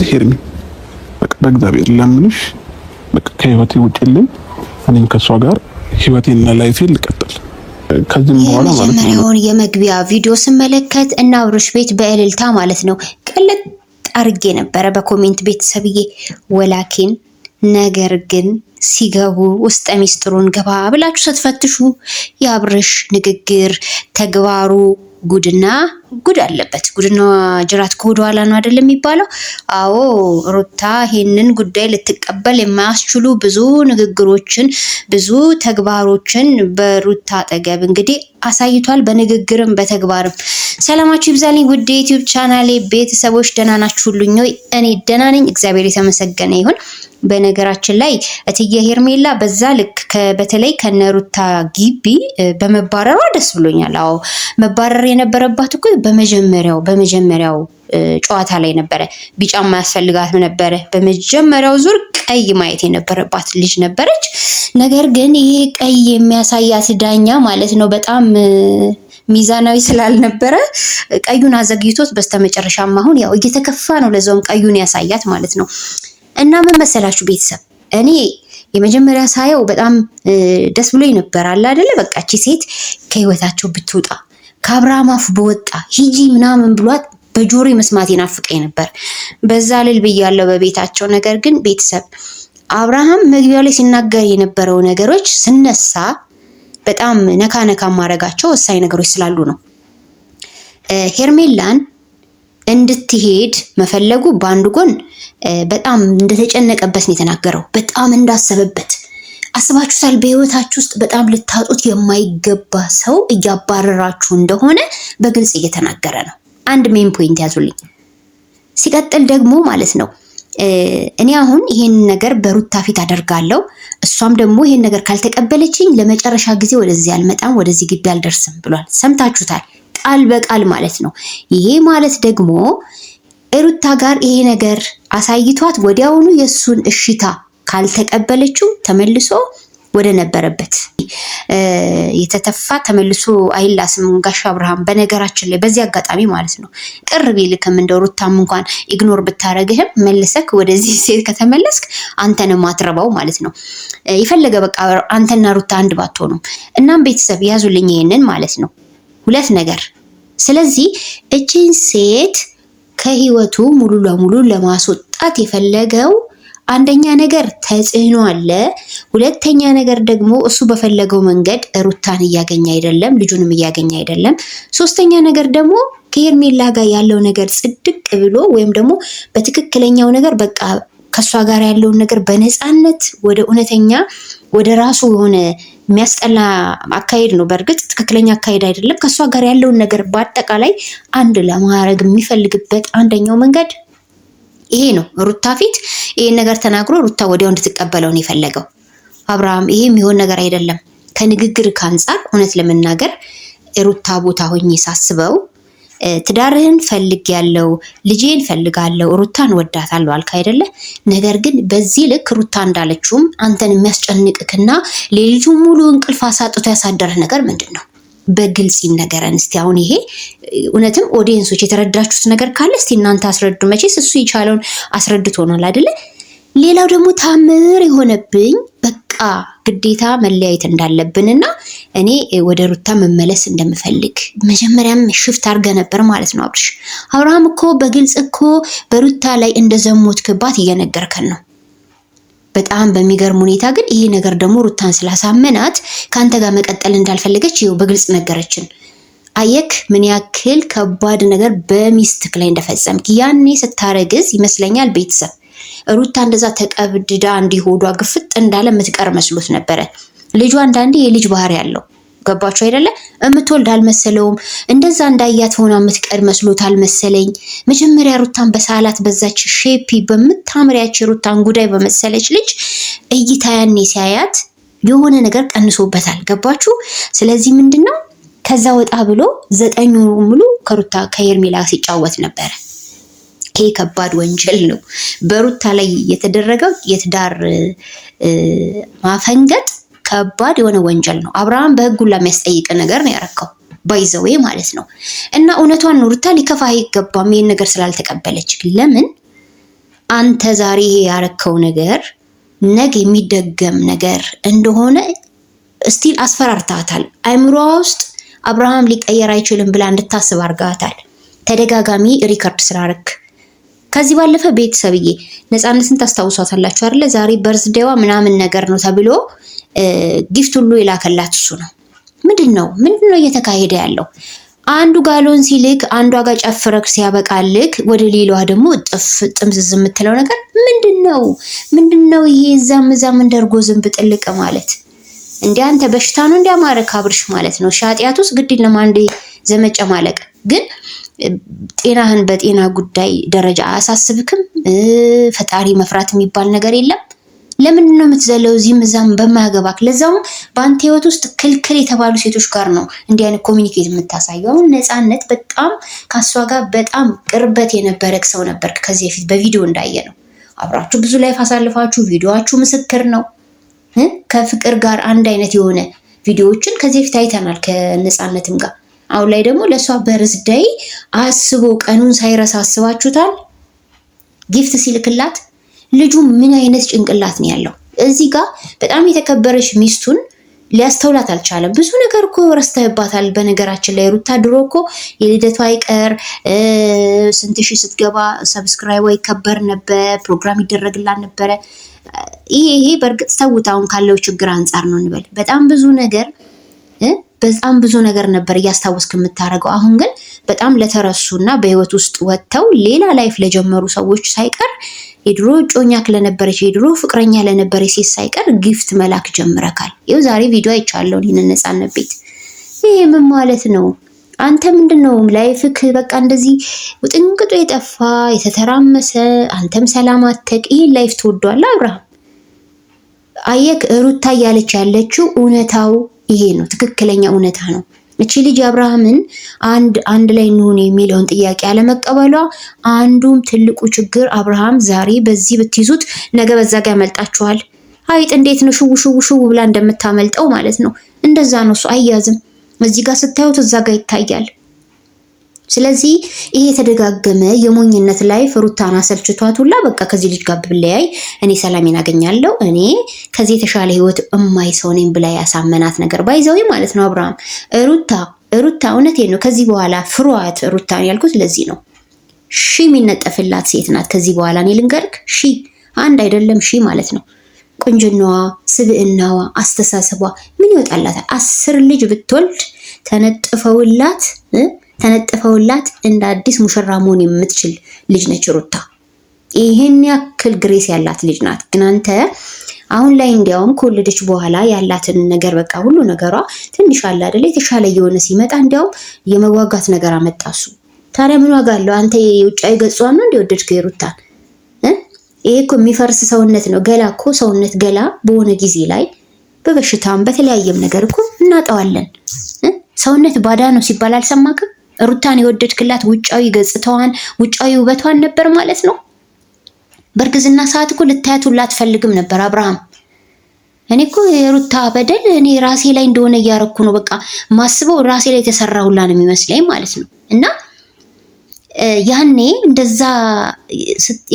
አትሄድም። በቃ በእግዚአብሔር ለምንሽ በቃ ከህይወቴ ውጪልኝ። እኔም ከእሷ ጋር ህይወቴና ላይፌ ልቀጥል። ከዚህም በኋላ ማለት ነው የመግቢያ ቪዲዮ ስመለከት እና አብርሽ ቤት በእልልታ ማለት ነው ቀለጥ አርጌ ነበረ በኮሜንት ቤተሰብዬ ወላኪን ነገር ግን ሲገቡ ውስጠ ሚስጥሩን ገባ ብላችሁ ስትፈትሹ የአብርሽ ንግግር፣ ተግባሩ ጉድና ጉድ አለበት። ጉድና ጅራት ከሆድ ነው አይደለም የሚባለው? አዎ ሩታ ይህንን ጉዳይ ልትቀበል የማያስችሉ ብዙ ንግግሮችን፣ ብዙ ተግባሮችን በሩታ አጠገብ እንግዲህ አሳይቷል። በንግግርም በተግባርም ሰላማችሁ ይብዛልኝ። ውድ ዩቲዩብ ቻናሌ ቤተሰቦች ደህና ናችሁ? እኔ ደህና ነኝ፣ እግዚአብሔር የተመሰገነ ይሁን። በነገራችን ላይ እትዬ ሄርሜላ በዛ ልክ በተለይ ከነሩታ ግቢ በመባረሯ ደስ ብሎኛል። አዎ መባረር የነበረባት እኮ በመጀመሪያው በመጀመሪያው ጨዋታ ላይ ነበረ ቢጫ ማያስፈልጋት ነበረ። በመጀመሪያው ዙር ቀይ ማየት የነበረባት ልጅ ነበረች። ነገር ግን ይሄ ቀይ የሚያሳያት ዳኛ ማለት ነው በጣም ሚዛናዊ ስላልነበረ ቀዩን አዘግይቶት በስተመጨረሻም አሁን ያው እየተከፋ ነው። ለዛውም ቀዩን ያሳያት ማለት ነው። እና ምን መሰላችሁ ቤተሰብ እኔ የመጀመሪያ ሳየው በጣም ደስ ብሎ ነበር። አለ አይደለ በቃች ሴት ከህይወታቸው ብትወጣ ከአብርሃም አፍ በወጣ ሂጂ ምናምን ብሏት በጆሮ መስማት ይናፍቀኝ ነበር። በዛ ልል ብያለው በቤታቸው። ነገር ግን ቤተሰብ አብርሃም መግቢያው ላይ ሲናገር የነበረው ነገሮች ስነሳ በጣም ነካ ነካ ማድረጋቸው ወሳኝ ነገሮች ስላሉ ነው። ሄርሜላን እንድትሄድ መፈለጉ በአንድ ጎን በጣም እንደተጨነቀበት ነው የተናገረው። በጣም እንዳሰበበት አስባችሁታል? በህይወታችሁ ውስጥ በጣም ልታጡት የማይገባ ሰው እያባረራችሁ እንደሆነ በግልጽ እየተናገረ ነው። አንድ ሜን ፖይንት ያዙልኝ። ሲቀጥል ደግሞ ማለት ነው እኔ አሁን ይሄን ነገር በሩታ ፊት አደርጋለሁ። እሷም ደግሞ ይሄን ነገር ካልተቀበለችኝ ለመጨረሻ ጊዜ ወደዚህ አልመጣም፣ ወደዚህ ግቢ አልደርስም ብሏል። ሰምታችሁታል፣ ቃል በቃል ማለት ነው። ይሄ ማለት ደግሞ ሩታ ጋር ይሄ ነገር አሳይቷት ወዲያውኑ የእሱን እሽታ ካልተቀበለችው ተመልሶ ወደ ነበረበት የተተፋ ተመልሶ አይላስም። ጋሽ አብርሃም በነገራችን ላይ በዚህ አጋጣሚ ማለት ነው ቅር ቢልክም እንደው ሩታም እንኳን ኢግኖር ብታረግህም መልሰክ ወደዚህ ሴት ከተመለስክ አንተን ማትረባው ማለት ነው የፈለገ በቃ አንተና ሩታ አንድ ባትሆኑ። እናም ቤተሰብ ያዙልኝ ይሄንን ማለት ነው ሁለት ነገር። ስለዚህ እችን ሴት ከህይወቱ ሙሉ ለሙሉ ለማስወጣት የፈለገው አንደኛ ነገር ተጽዕኖ አለ። ሁለተኛ ነገር ደግሞ እሱ በፈለገው መንገድ ሩታን እያገኘ አይደለም፣ ልጁንም እያገኘ አይደለም። ሶስተኛ ነገር ደግሞ ከሄርሜላ ጋር ያለው ነገር ጽድቅ ብሎ ወይም ደግሞ በትክክለኛው ነገር በቃ ከእሷ ጋር ያለውን ነገር በነፃነት ወደ እውነተኛ ወደ ራሱ የሆነ የሚያስጠላ አካሄድ ነው። በእርግጥ ትክክለኛ አካሄድ አይደለም። ከእሷ ጋር ያለውን ነገር በአጠቃላይ አንድ ለማድረግ የሚፈልግበት አንደኛው መንገድ ይሄ ነው ሩታ ፊት ይሄን ነገር ተናግሮ ሩታ ወዲያው እንድትቀበለው ነው የፈለገው አብርሃም። ይሄ የሚሆን ነገር አይደለም። ከንግግር ከአንጻር እውነት ለመናገር ሩታ ቦታ ሆኜ ሳስበው ትዳርህን ፈልግ ያለው ልጄን ፈልጋለው ሩታን ወዳታለሁ አልክ አይደለ? ነገር ግን በዚህ ልክ ሩታ እንዳለችውም አንተን የሚያስጨንቅክና ሌሊቱ ሙሉ እንቅልፍ አሳጥቶ ያሳደረህ ነገር ምንድን ነው? በግልጽ ይነገረን እስቲ። አሁን ይሄ እውነትም ኦዲየንሶች የተረዳችሁት ነገር ካለ እስቲ እናንተ አስረዱ። መቼስ እሱ የቻለውን አስረድቶናል አይደለ? ሌላው ደግሞ ታምር የሆነብኝ በቃ ግዴታ መለያየት እና እኔ ወደ ሩታ መመለስ እንደምፈልግ መጀመሪያም ሽፍት አድርገ ነበር ማለት ነው አብርሽ። አብርሃም እኮ በግልጽ እኮ በሩታ ላይ ክባት እየነገርከን ነው። በጣም በሚገርም ሁኔታ ግን ይሄ ነገር ደግሞ ሩታን ስላሳመናት ከአንተ ጋር መቀጠል እንዳልፈለገች ይኸው በግልጽ ነገረችን። አየክ ምን ያክል ከባድ ነገር በሚስትክ ላይ እንደፈጸምክ። ያኔ ስታረግዝ ይመስለኛል ቤተሰብ ሩታ እንደዛ ተቀብድዳ እንዲሆዷ ግፍጥ እንዳለ የምትቀር መስሎት ነበረ። ልጇ አንዳንዴ የልጅ ባህሪ ያለው ገባችሁ አይደለ? እምትወልድ አልመሰለውም። እንደዛ እንዳያት ሆና የምትቀር መስሎት አልመሰለኝ። መጀመሪያ ሩታን በሳላት በዛች ሼፒ በምታምሪያች ሩታን ጉዳይ በመሰለች ልጅ እይታ ያኔ ሲያያት የሆነ ነገር ቀንሶበታል። ገባችሁ? ስለዚህ ምንድን ነው ከዛ ወጣ ብሎ ዘጠኝ ሙሉ ከሩታ ከሄርሜላ ሲጫወት ነበረ። ይሄ ከባድ ወንጀል ነው። በሩታ ላይ የተደረገው የትዳር ማፈንገጥ ከባድ የሆነ ወንጀል ነው። አብርሃም በህግ ለሚያስጠይቅ የሚያስጠይቅ ነገር ነው ያረከው ባይዘዌ ማለት ነው። እና እውነቷን ኑርታ ሊከፋ አይገባም ይህን ነገር ስላልተቀበለች። ለምን አንተ ዛሬ ይሄ ያረከው ነገር ነገ የሚደገም ነገር እንደሆነ እስቲል አስፈራርታታል። አይምሮዋ ውስጥ አብርሃም ሊቀየር አይችልም ብላ እንድታስብ አርጋታል። ተደጋጋሚ ሪከርድ ስላረክ ከዚህ ባለፈ ቤተሰብዬ ነፃነትን ታስታውሷታላችሁ አይደለ? ዛሬ በርዝዴዋ ምናምን ነገር ነው ተብሎ ጊፍት ሁሉ የላከላት እሱ ነው። ምንድን ነው ምንድን ነው እየተካሄደ ያለው? አንዱ ጋሎን ሲልክ አንዷ ጋር ጨፍረክ ሲያበቃልክ ወደ ሌላዋ ደግሞ ጥፍ ጥምዝዝ የምትለው ነገር ምንድን ነው ምንድን ነው ይሄ? እዛም እዛም እንደርጎ ዝንብ ጥልቅ ማለት እንዲ አንተ በሽታ ነው እንዲያማረክ ካብርሽ ማለት ነው። ሻጢያት ውስጥ ግድ ለማንዴ ዘመጨ ማለቅ ግን ጤናህን በጤና ጉዳይ ደረጃ አያሳስብክም። ፈጣሪ መፍራት የሚባል ነገር የለም። ለምንድን ነው የምትዘለው እዚህም እዛም በማያገባክ? ለዛውም በአንተ ህይወት ውስጥ ክልክል የተባሉ ሴቶች ጋር ነው እንዲህ አይነት ኮሚኒኬት የምታሳየው። አሁን ነፃነት በጣም ከሷ ጋር በጣም ቅርበት የነበረክ ሰው ነበር ከዚህ በፊት በቪዲዮ እንዳየ ነው። አብራችሁ ብዙ ላይፍ አሳልፋችሁ ቪዲዮችሁ ምስክር ነው። ከፍቅር ጋር አንድ አይነት የሆነ ቪዲዮዎችን ከዚህ በፊት አይተናል ከነፃነትም ጋር። አሁን ላይ ደግሞ ለእሷ በርዝደይ አስቦ ቀኑን ሳይረሳ አስባችሁታል ጊፍት ሲልክላት ልጁ ምን አይነት ጭንቅላት ነው ያለው? እዚህ ጋር በጣም የተከበረች ሚስቱን ሊያስተውላት አልቻለም። ብዙ ነገር እኮ ረስተህባታል። በነገራችን ላይ ሩታ ድሮ እኮ የልደቷ አይቀር ስንት ሺህ ስትገባ ሰብስክራይቧ ይከበር ነበር፣ ፕሮግራም ይደረግላት ነበረ። ይሄ ይሄ በእርግጥ ተውት፣ አሁን ካለው ችግር አንጻር ነው እንበል። በጣም ብዙ ነገር በጣም ብዙ ነገር ነበር እያስታወስክ የምታደርገው። አሁን ግን በጣም ለተረሱ እና በህይወት ውስጥ ወጥተው ሌላ ላይፍ ለጀመሩ ሰዎች ሳይቀር የድሮ እጮኛክ ለነበረች የድሮ ፍቅረኛ ለነበረች ሴት ሳይቀር ጊፍት መላክ ጀምረካል። ይኸው ዛሬ ቪዲዮ አይቻለሁ። ይህን ነፃነት ቤት ይሄ ምን ማለት ነው? አንተ ምንድን ነው ላይፍክ በቃ እንደዚህ ውጥንቅጡ የጠፋ የተተራመሰ፣ አንተም ሰላም አተቅ። ይህን ላይፍ ትወዷል አብርሃም። አየክ ሩታ እያለች ያለችው እውነታው ይሄ ነው፣ ትክክለኛ እውነታ ነው። እቺ ልጅ አብርሃምን አንድ አንድ ላይ እንሁን የሚለውን ጥያቄ አለመቀበሏ አንዱም ትልቁ ችግር አብርሃም ዛሬ በዚህ ብትይዙት ነገ በዛ ጋር ያመልጣችኋል። አይጥ እንዴት ነው ሽው ሽው ሽው ብላ እንደምታመልጠው ማለት ነው። እንደዛ ነው። እሱ አያዝም። እዚህ ጋር ስታዩት እዛ ጋር ይታያል። ስለዚህ ይሄ የተደጋገመ የሞኝነት ላይ ፍሩታን አሰልችቷት ሁላ በቃ ከዚህ ልጅ ጋር ብለያይ እኔ ሰላሜን አገኛለሁ፣ እኔ ከዚህ የተሻለ ህይወት እማይ ሰው ነኝ ብላ ያሳመናት ነገር ባይዘዊ ማለት ነው። አብርሃም ሩታ ሩታ እውነቴ ነው። ከዚህ በኋላ ፍሯት ሩታን ያልኩት ለዚህ ነው። ሺ የሚነጠፍላት ሴት ናት። ከዚህ በኋላ እኔ ልንገርክ፣ ሺ አንድ አይደለም ሺ ማለት ነው። ቁንጅናዋ፣ ስብዕናዋ፣ አስተሳሰቧ ምን ይወጣላታል? አስር ልጅ ብትወልድ ተነጥፈውላት ተነጥፈውላት እንደ አዲስ ሙሽራ መሆን የምትችል ልጅ ነች ሩታ። ይህን ያክል ግሬስ ያላት ልጅ ናት። ግን አንተ አሁን ላይ እንዲያውም ከወለደች በኋላ ያላትን ነገር በቃ ሁሉ ነገሯ ትንሽ አለ አይደለ? የተሻለ እየሆነ ሲመጣ እንዲያውም የመዋጋት ነገር አመጣሱ። ታዲያ ምን ዋጋ አለው? አንተ የውጫዊ ገጽዋን ነው እንዲወደድ የሩታን ይሄ እኮ የሚፈርስ ሰውነት ነው። ገላ እኮ ሰውነት ገላ በሆነ ጊዜ ላይ በበሽታም በተለያየም ነገር እኮ እናጠዋለን። ሰውነት ባዳ ነው ሲባል አልሰማክም? ሩታን የወደድክላት ውጫዊ ገጽታዋን ውጫዊ ውበቷን ነበር ማለት ነው። በእርግዝና ሰዓት እኮ ልታያት ሁላ አትፈልግም ነበር አብርሃም። እኔ እኮ የሩታ በደል እኔ ራሴ ላይ እንደሆነ እያረኩ ነው። በቃ ማስበው ራሴ ላይ የተሰራ ሁላ ነው የሚመስለኝ ማለት ነው። እና ያኔ እንደዛ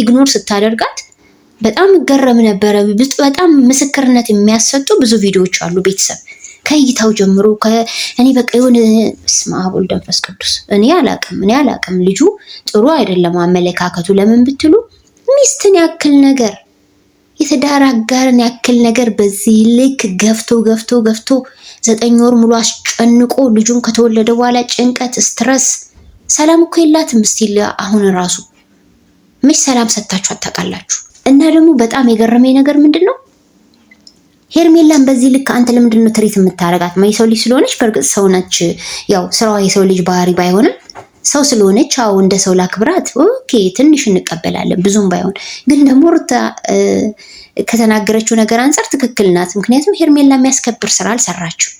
ኢግኖር ስታደርጋት በጣም እገረም ነበረ። በጣም ምስክርነት የሚያሰጡ ብዙ ቪዲዮዎች አሉ ቤተሰብ ከእይታው ጀምሮ እኔ በቃ የሆነ ስመ አብ ቅዱስ እኔ አላቅም እኔ አላቅም። ልጁ ጥሩ አይደለም አመለካከቱ። ለምን ብትሉ ሚስትን ያክል ነገር የትዳር አጋርን ያክል ነገር በዚህ ልክ ገፍቶ ገፍቶ ገፍቶ ዘጠኝ ወር ሙሉ አስጨንቆ ልጁን ከተወለደ በኋላ ጭንቀት፣ ስትረስ ሰላም እኮ የላትም ስቲል አሁን ራሱ መች ሰላም ሰጥታችሁ አታውቃላችሁ? እና ደግሞ በጣም የገረመኝ ነገር ምንድን ነው ሄርሜላን በዚህ ልክ አንተ ለምንድን ነው ትሪት የምታረጋት? የሰው ልጅ ስለሆነች በእርግጥ ሰው ነች። ያው ስራዋ የሰው ልጅ ባህሪ ባይሆንም ሰው ስለሆነች አዎ እንደ ሰው ላክብራት። ኦኬ ትንሽ እንቀበላለን፣ ብዙም ባይሆን ግን ደግሞ ሩታ ከተናገረችው ነገር አንጻር ትክክል ናት። ምክንያቱም ሄርሜላ የሚያስከብር ስራ አልሰራችው።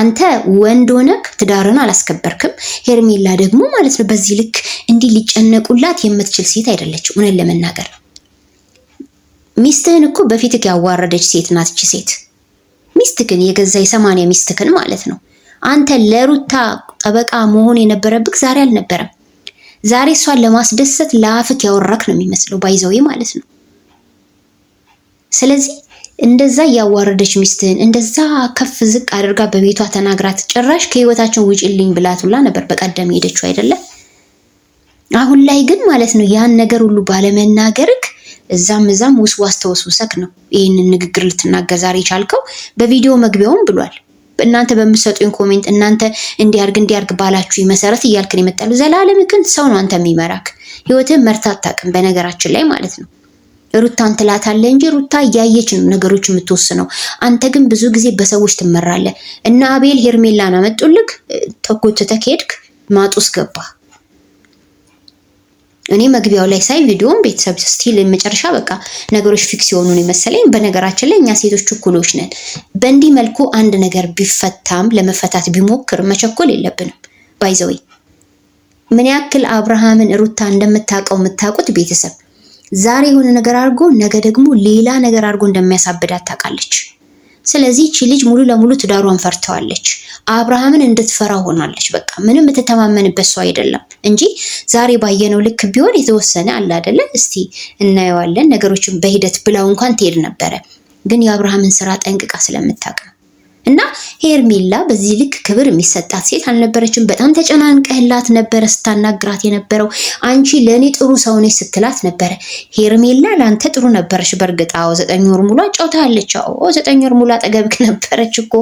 አንተ ወንድ ሆነክ ትዳርን አላስከበርክም። ሄርሜላ ደግሞ ማለት ነው በዚህ ልክ እንዲህ ሊጨነቁላት የምትችል ሴት አይደለችም እውነት ለመናገር ሚስትህን እኮ በፊትህ ያዋረደች ሴት ናት እቺ ሴት። ሚስትክን የገዛ የሰማንያ ሚስትክን ማለት ነው። አንተ ለሩታ ጠበቃ መሆን የነበረብክ ዛሬ አልነበረም። ዛሬ እሷን ለማስደሰት ለአፍክ ያወራክ ነው የሚመስለው ባይዘዌ ማለት ነው። ስለዚህ እንደዛ እያዋረደች ሚስትህን እንደዛ ከፍ ዝቅ አድርጋ በቤቷ ተናግራት ጭራሽ ከህይወታችን ውጭልኝ ብላቱላ ነበር በቀደም ሄደችው አይደለም አሁን ላይ ግን ማለት ነው ያን ነገር ሁሉ ባለመናገርክ እዛም እዛም ውስዋስ ተወስውሰክ ነው ይህንን ንግግር ልትናገር ዛሬ የቻልከው በቪዲዮ መግቢያውም ብሏል። እናንተ በምትሰጡኝ ኮሜንት እናንተ እንዲያርግ እንዲያርግ ባላችሁ መሰረት እያልክን የመጣሉ ዘላለም ግን ሰው ነው አንተ የሚመራክ ህይወትህን መርታ አታውቅም። በነገራችን ላይ ማለት ነው ሩታን ትላታለህ እንጂ ሩታ እያየች ነው ነገሮች የምትወስነው። አንተ ግን ብዙ ጊዜ በሰዎች ትመራለህ። እና አቤል ሄርሜላን አመጡልክ፣ ተጎትተህ ሄድክ፣ ማጡስ ገባ። እኔ መግቢያው ላይ ሳይ ቪዲዮም ቤተሰብ ስቲል መጨረሻ በቃ ነገሮች ፊክስ የሆኑ ነው መሰለኝ። በነገራችን ላይ እኛ ሴቶች እኩሎች ነን። በእንዲህ መልኩ አንድ ነገር ቢፈታም ለመፈታት ቢሞክር መቸኮል የለብንም። ባይዘወይ ምን ያክል አብርሃምን ሩታ እንደምታውቀው የምታውቁት ቤተሰብ ዛሬ የሆነ ነገር አድርጎ ነገ ደግሞ ሌላ ነገር አድርጎ እንደሚያሳብዳት ታውቃለች። ስለዚህ እቺ ልጅ ሙሉ ለሙሉ ትዳሯን ፈርተዋለች። አብርሃምን እንድትፈራ ሆናለች። በቃ ምንም የምትተማመንበት ሰው አይደለም እንጂ ዛሬ ባየነው ልክ ቢሆን የተወሰነ አለ አይደለ? እስቲ እናየዋለን ነገሮችን በሂደት ብላው እንኳን ትሄድ ነበረ። ግን የአብርሃምን ስራ ጠንቅቃ ስለምታውቅ እና ሄርሜላ በዚህ ልክ ክብር የሚሰጣት ሴት አልነበረችም። በጣም ተጨናንቀህላት ነበረ ስታናግራት የነበረው አንቺ ለእኔ ጥሩ ሰው ነሽ ስትላት ነበረ። ሄርሜላ ለአንተ ጥሩ ነበረች። በእርግጥ አዎ፣ ዘጠኝ ወር ሙሉ አጫውታለች። አዎ፣ ዘጠኝ ወር ሙሉ አጠገብክ ነበረች እኮ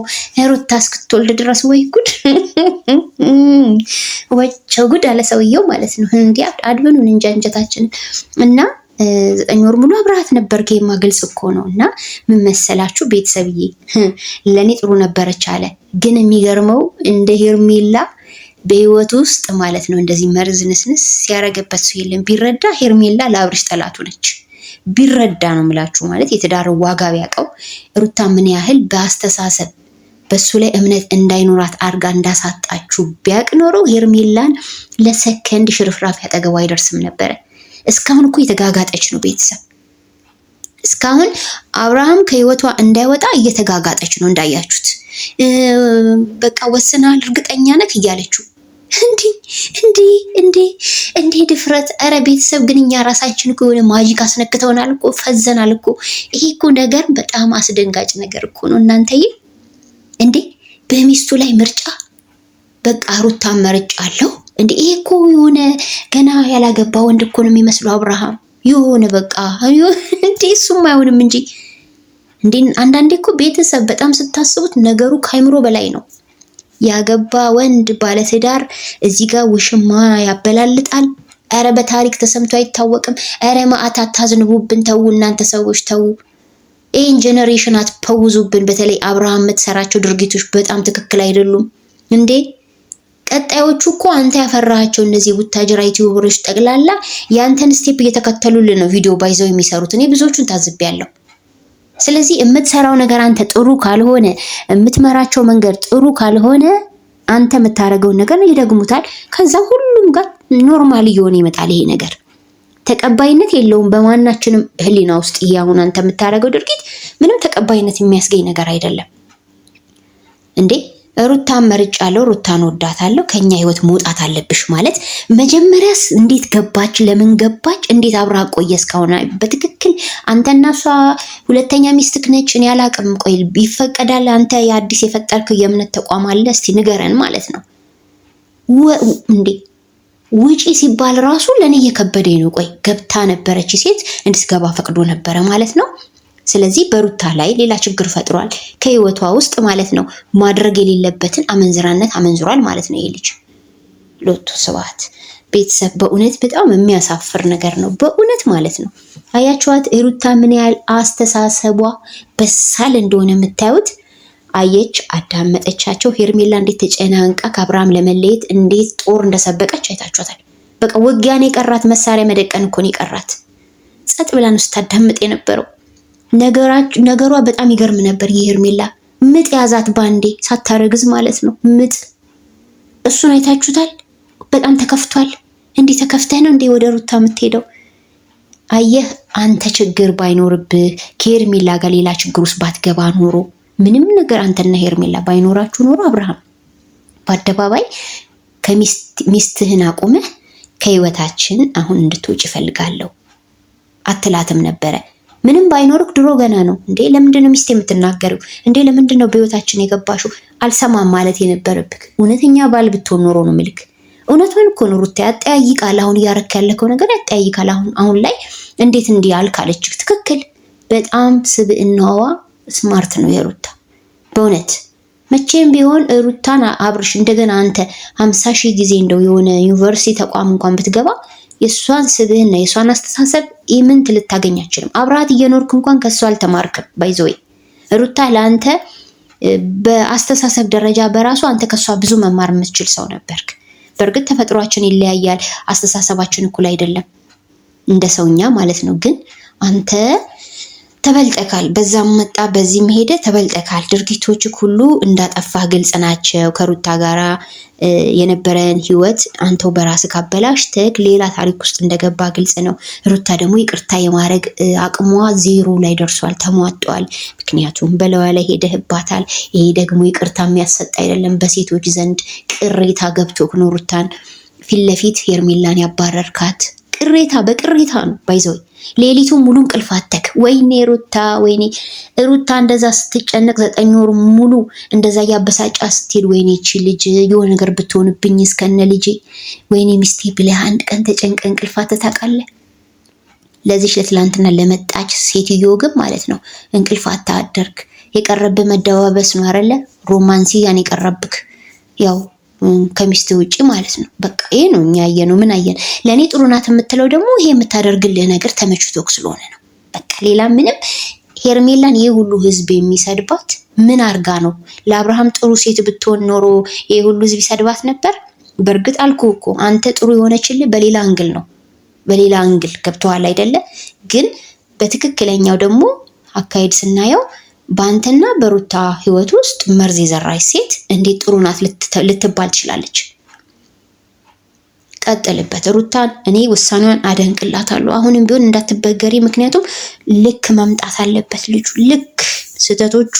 ሩታ እስክትወልድ ድረስ። ወይ ጉድ ወቸው ጉድ አለ ሰውየው ማለት ነው። እንዲ አድብኑን እንጃ እንጀታችንን እና ዘጠኝ ወር ሙሉ አብረሃት ነበር። ከማ ግልጽ እኮ ነው። እና ምን መሰላችሁ ቤተሰብዬ፣ ለእኔ ጥሩ ነበረች አለ። ግን የሚገርመው እንደ ሄርሜላ በህይወቱ ውስጥ ማለት ነው እንደዚህ መርዝ ንስንስ ሲያረገበት ሰው የለም። ቢረዳ ሄርሜላ ለአብርሽ ጠላቱ ነች። ቢረዳ ነው ምላችሁ ማለት የትዳር ዋጋ ቢያውቀው ሩታ ምን ያህል በአስተሳሰብ በሱ ላይ እምነት እንዳይኖራት አድርጋ እንዳሳጣችሁ ቢያቅ ኖረው ሄርሜላን ለሰከንድ ሽርፍራፍ አጠገቡ አይደርስም ነበረ። እስካሁን እኮ የተጋጋጠች ነው ቤተሰብ እስካሁን አብርሃም ከህይወቷ እንዳይወጣ እየተጋጋጠች ነው እንዳያችሁት። በቃ ወስናል፣ እርግጠኛ ነክ እያለችው እንዲ እንዲ እንዲ እንዲ ድፍረት። እረ ቤተሰብ ግን እኛ ራሳችን እኮ የሆነ ማጂክ አስነክተውናል እኮ ፈዘናል እኮ። ይሄ እኮ ነገር በጣም አስደንጋጭ ነገር እኮ ነው እናንተዬ። እንዴ በሚስቱ ላይ ምርጫ በቃ ሩታ መርጫ አለው እንዴ ይሄ እኮ የሆነ ገና ያላገባ ወንድ እኮ ነው የሚመስለው አብርሃም የሆነ በቃ እንዴ እሱም አይሆንም እንጂ እንዴ አንዳንዴ እኮ ቤተሰብ በጣም ስታስቡት ነገሩ ከአይምሮ በላይ ነው ያገባ ወንድ ባለትዳር እዚህ ጋር ውሽማ ያበላልጣል ኧረ በታሪክ ተሰምቶ አይታወቅም ኧረ መዓት አታዝንቡብን ተዉ እናንተ ሰዎች ተዉ ይህን ጀነሬሽን አትፈውዙብን በተለይ አብርሃም የምትሰራቸው ድርጊቶች በጣም ትክክል አይደሉም እንዴ ቀጣዮቹ እኮ አንተ ያፈራሃቸው እነዚህ ቡታጅራ ዩቲዩበሮች ጠቅላላ የአንተን ስቴፕ እየተከተሉልን ነው ቪዲዮ ባይዘው የሚሰሩት። እኔ ብዙዎቹን ታዝቤያለሁ። ስለዚህ የምትሰራው ነገር አንተ ጥሩ ካልሆነ፣ የምትመራቸው መንገድ ጥሩ ካልሆነ አንተ የምታደርገውን ነገር ይደግሙታል። ከዛ ሁሉም ጋር ኖርማል እየሆነ ይመጣል። ይሄ ነገር ተቀባይነት የለውም በማናችንም ህሊና ውስጥ። ይሄ አሁን አንተ የምታደርገው ድርጊት ምንም ተቀባይነት የሚያስገኝ ነገር አይደለም እንዴ ሩታን መርጫለሁ፣ ሩታን ወዳታለሁ፣ ከኛ ህይወት መውጣት አለብሽ ማለት መጀመሪያስ እንዴት ገባች? ለምን ገባች? እንዴት አብራ ቆየ? እስካሁን በትክክል አንተና እሷ ሁለተኛ ሚስትክ ነች? እኔ አላቅም። ቆይ ይፈቀዳል? አንተ የአዲስ የፈጠርከው የእምነት ተቋም አለ? እስቲ ንገረን ማለት ነው። እንዴ ውጪ ሲባል ራሱ ለእኔ እየከበደኝ ነው። ቆይ ገብታ ነበረች ሴት እንድትገባ ፈቅዶ ነበረ ማለት ነው። ስለዚህ በሩታ ላይ ሌላ ችግር ፈጥሯል፣ ከህይወቷ ውስጥ ማለት ነው። ማድረግ የሌለበትን አመንዝራነት አመንዝሯል ማለት ነው ይሄ ልጅ ሎቱ ስብሐት ቤተሰብ በእውነት በጣም የሚያሳፍር ነገር ነው። በእውነት ማለት ነው። አያችኋት ሩታ ምን ያህል አስተሳሰቧ በሳል እንደሆነ የምታዩት። አየች፣ አዳመጠቻቸው። ሄርሜላ እንዴት ተጨናንቃ ከአብርሃም ለመለየት እንዴት ጦር እንደሰበቀች አይታችኋታል። በቃ ውጊያን የቀራት መሳሪያ መደቀን እኮን የቀራት ጸጥ ብላን ነው ስታዳምጥ የነበረው። ነገሯ በጣም ይገርም ነበር። የሄርሜላ ምጥ ያዛት ባንዴ ሳታረግዝ ማለት ነው። ምጥ እሱን አይታችሁታል። በጣም ተከፍቷል። እንዲህ ተከፍተህ ነው እንዴ ወደ ሩታ የምትሄደው? አየህ አንተ ችግር ባይኖርብህ ከሄርሜላ ጋር ሌላ ችግር ውስጥ ባትገባ ኖሮ ምንም ነገር አንተና ሄርሜላ ባይኖራችሁ ኖሮ አብርሃም በአደባባይ ከሚስትህን አቁመህ ከህይወታችን አሁን እንድትወጭ እፈልጋለሁ አትላትም ነበረ። ምንም ባይኖርክ ድሮ ገና ነው እንዴ? ለምንድን ነው ሚስት የምትናገሪው እንዴ? ለምንድን ነው በህይወታችን የገባሽው? አልሰማም ማለት የነበረብክ እውነተኛ ባል ብትሆን ኖሮ ነው ምልክ። እውነቱን እኮ ነው ሩታ፣ ያጠያይቃል። አሁን እያረክ ያለከው ነገር ያጠያይቃል። አሁን አሁን ላይ እንዴት እንዲህ አልክ ትክክል። በጣም ስብእናዋ ስማርት ነው የሩታ በእውነት መቼም ቢሆን ሩታን አብርሽ እንደገና አንተ ሀምሳ ሺህ ጊዜ እንደው የሆነ ዩኒቨርሲቲ ተቋም እንኳን ብትገባ የእሷን ስብህና የእሷን አስተሳሰብ ኢምንት ልታገኝ አችልም። አብረሃት እየኖርክ እንኳን ከእሷ አልተማርክም። ባይዘወይ ሩታ ለአንተ በአስተሳሰብ ደረጃ በራሱ አንተ ከእሷ ብዙ መማር የምትችል ሰው ነበርክ። በእርግጥ ተፈጥሯችን ይለያያል፣ አስተሳሰባችን እኩል አይደለም፣ እንደ ሰውኛ ማለት ነው። ግን አንተ ተበልጠካል። በዛም መጣ በዚህም ሄደ ተበልጠካል። ድርጊቶች ሁሉ እንዳጠፋህ ግልጽ ናቸው። ከሩታ ጋራ የነበረን ህይወት አንተው በራስህ ካበላሽተህ ሌላ ታሪክ ውስጥ እንደገባ ግልጽ ነው። ሩታ ደግሞ ይቅርታ የማድረግ አቅሟ ዜሮ ላይ ደርሷል፣ ተሟጧል። ምክንያቱም በለዋ ላይ ሄደህባታል። ይሄ ደግሞ ይቅርታ የሚያሰጥ አይደለም። በሴቶች ዘንድ ቅሬታ ገብቶህ ነው ሩታን ፊት ለፊት ሄርሜላን ያባረርካት። ቅሬታ በቅሬታ ነው ባይዘው ሌሊቱ ሙሉ እንቅልፍ አተክ። ወይኔ ሩታ፣ ወይኔ ሩታ እንደዛ ስትጨነቅ ዘጠኝ ወር ሙሉ እንደዛ እያበሳጫ ስትሄድ፣ ወይኔ ይቺ ልጅ የሆነ ነገር ብትሆንብኝ እስከነ ልጅ ወይኔ ሚስቴ ብለህ አንድ ቀን ተጨንቀ እንቅልፍ አተህ ታውቃለህ? ለዚች ለትላንትና ለመጣች ሴትዮ ግን ማለት ነው እንቅልፍ አታደርግ። የቀረብህ መደባበስ ነው አይደለ? ሮማንሲ ያን የቀረብክ ያው ከሚስት ውጭ ማለት ነው። በቃ ይሄ ነው እኛ ያየነው። ምን አየን? ለእኔ ጥሩ ናት የምትለው ደግሞ ይሄ የምታደርግልህ ነገር ተመችቶክ ስለሆነ ነው። በቃ ሌላ ምንም ሄርሜላን ይህ ሁሉ ህዝብ የሚሰድባት ምን አርጋ ነው? ለአብርሃም ጥሩ ሴት ብትሆን ኖሮ ይህ ሁሉ ህዝብ ይሰድባት ነበር? በእርግጥ አልኩ እኮ አንተ ጥሩ የሆነችልህ በሌላ አንግል ነው፣ በሌላ አንግል ገብተዋል አይደለ? ግን በትክክለኛው ደግሞ አካሄድ ስናየው በአንተና በሩታ ህይወት ውስጥ መርዝ የዘራች ሴት እንዴት ጥሩ ናት ልትባል ትችላለች? ቀጥልበት። ሩታን እኔ ውሳኔዋን አደንቅላታለሁ። አሁንም ቢሆን እንዳትበገሪ፣ ምክንያቱም ልክ መምጣት አለበት ልጁ። ልክ ስህተቶቹ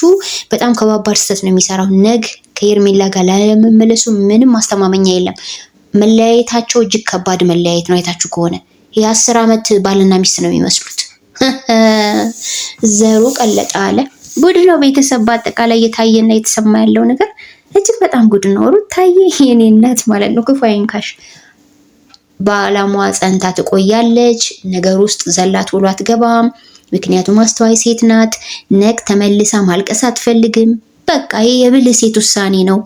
በጣም ከባባድ ስህተት ነው የሚሰራው። ነግ ከየርሜላ ጋር ላለመመለሱ ምንም ማስተማመኛ የለም። መለያየታቸው እጅግ ከባድ መለያየት ነው። አይታችሁ ከሆነ የአስር ዓመት ባልና ሚስት ነው የሚመስሉት። ዘሩ ቀለጠ አለ። ነው። ቤተሰብ በአጠቃላይ የታየና የተሰማ ያለው ነገር እጅግ በጣም ጉድ ነው። ሩታዬ የኔ እናት ማለት ነው ክፉ አይንካሽ። በዓላማዋ ጸንታ ትቆያለች። ነገር ውስጥ ዘላት ውሎ አትገባም። ምክንያቱም አስተዋይ ሴት ናት። ነቅ ተመልሳ ማልቀስ አትፈልግም። በቃ የብል የብልህ ሴት ውሳኔ ነው።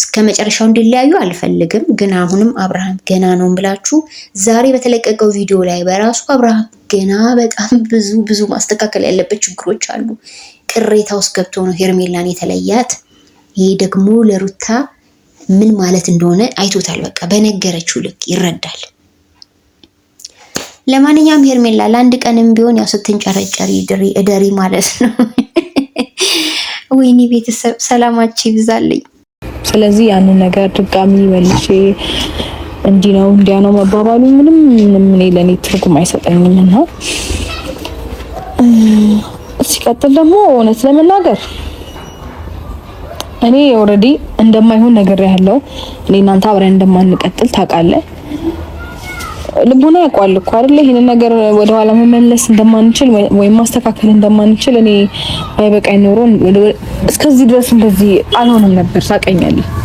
እስከ መጨረሻው እንዲለያዩ አልፈልግም፣ ግን አሁንም አብርሃም ገና ነው ብላችሁ ዛሬ በተለቀቀው ቪዲዮ ላይ በራሱ አብርሃም ገና በጣም ብዙ ብዙ ማስተካከል ያለበት ችግሮች አሉ። ቅሬታ ውስጥ ገብቶ ነው ሄርሜላን የተለያት። ይሄ ደግሞ ለሩታ ምን ማለት እንደሆነ አይቶታል። በቃ በነገረችው ልክ ይረዳል። ለማንኛውም ሄርሜላ ለአንድ ቀንም ቢሆን ያው ስትንጨረጨሪ እደሪ ማለት ነው። ወይኔ ቤተሰብ ሰላማችሁ ይብዛልኝ። ስለዚህ ያንን ነገር ድጋሚ መልሼ እንዲህ ነው እንዲያ ነው መባባሉ ምንም ምንም ለእኔ ትርጉም አይሰጠኝም እና ሲቀጥል ደግሞ እውነት ለመናገር እኔ ኦልሬዲ እንደማይሆን ነገር ያለው እኔ እናንተ አብረን እንደማንቀጥል ታውቃለህ። ልቡና ያውቋል እኮ አይደለ? ይሄንን ነገር ወደ መመለስ እንደማንችል ወይም ማስተካከል እንደማንችል እኔ ባይበቃኝ ኖሮ እስከዚህ ድረስ እንደዚህ አልሆንም ነበር። ታውቀኛለህ።